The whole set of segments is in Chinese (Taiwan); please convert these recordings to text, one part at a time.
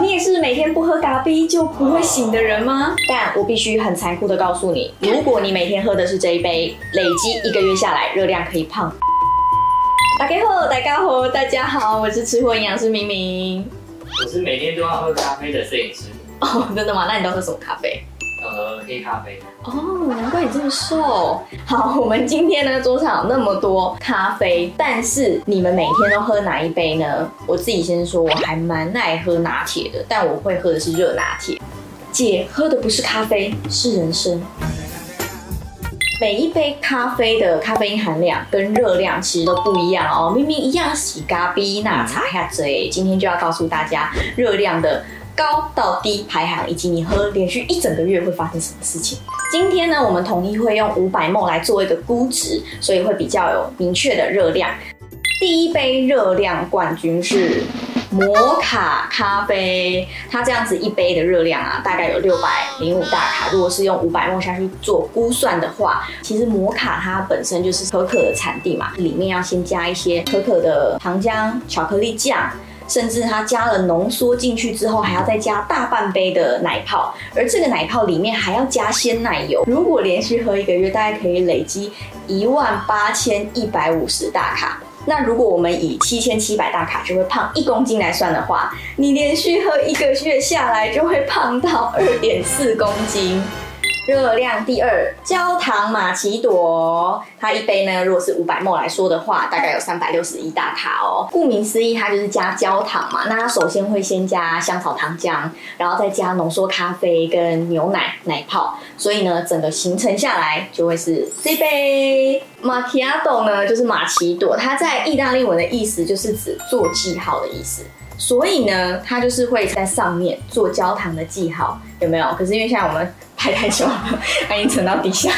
你也是每天不喝咖啡就不會醒的人嗎？Oh. 但我必須很殘酷的告訴你，如果你每天喝的是這一杯，累積一個月下來，熱量可以胖。大家好，大家好，大家好，我是吃貨營養師明明。我是每天都要喝咖啡的攝影師。哦、oh，真的嗎？那你都喝什麼咖啡？喝黑咖啡哦，難怪你這麼瘦。好，我們今天呢，桌上有那麼多咖啡，但是你們每天都喝哪一杯呢？我自己先說，我還蠻愛喝拿鐵的，但我會喝的是熱拿鐵。姐喝的不是咖啡，是人生。每一杯咖啡的咖啡因含量跟熱量其實都不一樣哦，明明一樣是咖啡，嗯、那我差那麼多耶。今天就要告訴大家熱量的。高到低排行，以及你喝連續一整個月會發生什麼事情。今天呢，我們統一會用五百毫升來做一個估值，所以會比較有明確的熱量。第一杯熱量冠軍是摩卡咖啡，它這樣子一杯的熱量啊，大概有六百零五大卡。如果是用五百毫升下去做估算的話，其實摩卡它本身就是可可的產地嘛，裡面要先加一些可可的糖漿、巧克力醬。甚至它加了濃縮進去之後，還要再加大半杯的奶泡，而這個奶泡裡面還要加鮮奶油。如果連續喝一個月，大概可以累積一萬八千一百五十大卡。那如果我們以七千七百大卡就會胖一公斤來算的話，你連續喝一個月下來就會胖到二點四公斤。熱量第二，焦糖瑪奇朵，它一杯呢，如果是五百 ml 來說的話，大概有三百六十一大卡哦、喔。顧名思義，它就是加焦糖嘛。那它首先會先加香草糖漿，然後再加濃縮咖啡跟牛奶奶泡，所以呢，整個形成下來就會是這杯馬奇亞朵呢，就是馬奇朵，它在意大利文的意思就是指做記號的意思，所以呢，它就是會在上面做焦糖的記號，有沒有？可是因為現在我們。太太久了，已經沉到底下。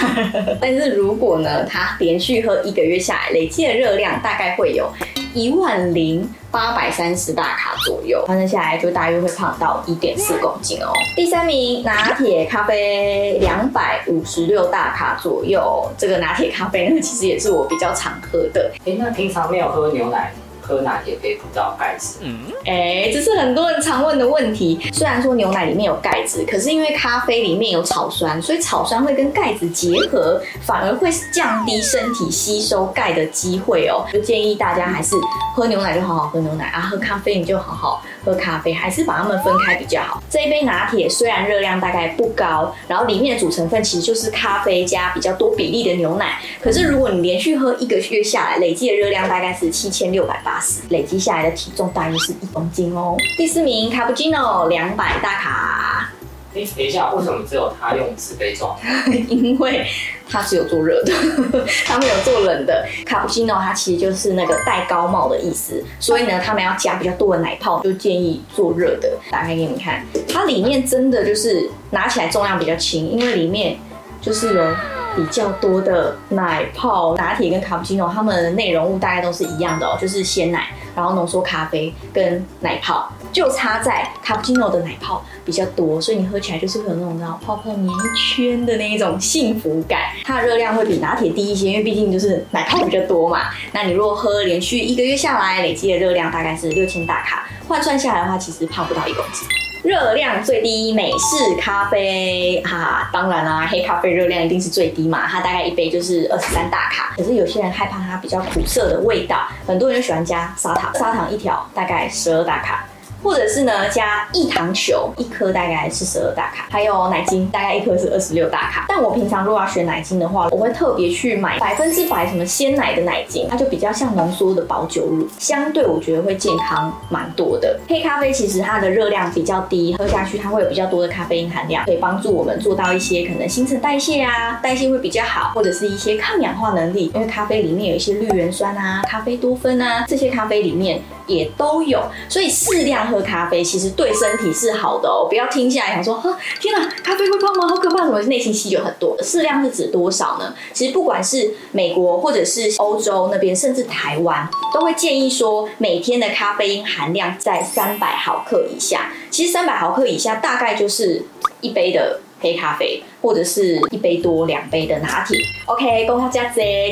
但是如果呢，他連續喝一個月下來，累積的熱量大概會有一萬零八百三十大卡左右，反正下來就大約會胖到一點四公斤哦、喔。第三名拿鐵咖啡兩百五十六大卡左右，這個拿鐵咖啡呢，其實也是我比較常喝的。哎、欸，那平常沒有喝牛奶，喝拿鐵可以補到鈣質。嗯，哎，這是很多人常問的問題。雖然說牛奶裡面有鈣質，可是因為咖啡裡面有草酸，所以草酸會跟鈣質結合，反而會降低身體吸收鈣的機會哦。就建議大家還是喝牛奶就好好喝牛奶啊，喝咖啡你就好好喝咖啡，還是把它們分開比較好。這一杯拿鐵雖然熱量大概不高，然後裡面的主成分其實就是咖啡加比較多比例的牛奶，可是如果你連續喝一個月下來，累計的熱量大概是七千六百八。累積下來的體重大約是一公斤哦、喔。第四名卡布奇諾，兩百大卡、欸。等一下，為什麼只有他用紙杯裝？ 因為他是有做熱的， 他沒有做冷的。卡布奇諾它其實就是那個戴高帽的意思，所以呢，他們要加比較多的奶泡，就建議做熱的。打開給你們看，它裡面真的就是拿起來重量比較輕，因為裡面就是有。比較多的奶泡拿鐵跟卡布奇諾，它們內容物大概都是一樣的哦、喔，就是鮮奶，然後濃縮咖啡跟奶泡，就差在卡布奇諾的奶泡比較多，所以你喝起來就是會有那種，那種泡泡棉一圈的那一種幸福感。它的熱量會比拿鐵低一些，因為畢竟就是奶泡比較多嘛。那你如果喝連續一個月下來，累積的熱量大概是六千大卡，換算下來的話，其實胖不到一公斤。熱量最低，美式咖啡啊，當然啦、啊，黑咖啡熱量一定是最低嘛，它大概一杯就是二十三大卡。可是有些人害怕它比較苦澀的味道，很多人就喜歡加砂糖，砂糖一條大概十二大卡。或者是呢，加一糖球，一顆大概是十二大卡，還有奶精大概一顆是二十六大卡。但我平常如果要選奶精的話，我會特別去買百分之百什麼鮮奶的奶精，它就比較像濃縮的保久乳，相對我覺得會健康蠻多的。黑咖啡其實它的熱量比較低，喝下去它會有比較多的咖啡因含量，可以幫助我們做到一些可能新陳代謝啊，代謝會比較好，或者是一些抗氧化能力，因為咖啡裡面有一些綠原酸啊、咖啡多酚啊，這些咖啡裡面也都有，所以適量。喝咖啡其實對身體是好的哦、喔，不要聽下來想說哈，天吶、啊，咖啡會胖嗎？好可怕！怎麼內心戲就很多？適量是指多少呢？其實不管是美國或者是歐洲那邊，甚至台灣，都會建議說每天的咖啡因含量在三百毫克以下。其實三百毫克以下大概就是一杯的。黑咖啡，或者是一杯多、兩杯的拿鐵。OK，恭克加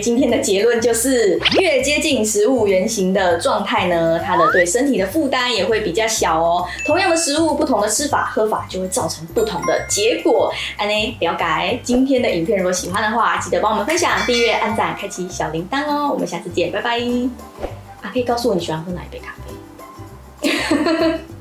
今天的結論就是，越接近食物原型的狀態呢，它的對身體的負擔也會比較小哦。同樣的食物，不同的吃法、喝法，就會造成不同的結果。安、啊、內，了解。今天的影片如果喜歡的話，記得幫我們分享、訂閱、按讚、開啟小鈴鐺哦。我們下次見，拜拜。啊，可以告訴我你喜歡喝哪一杯咖啡？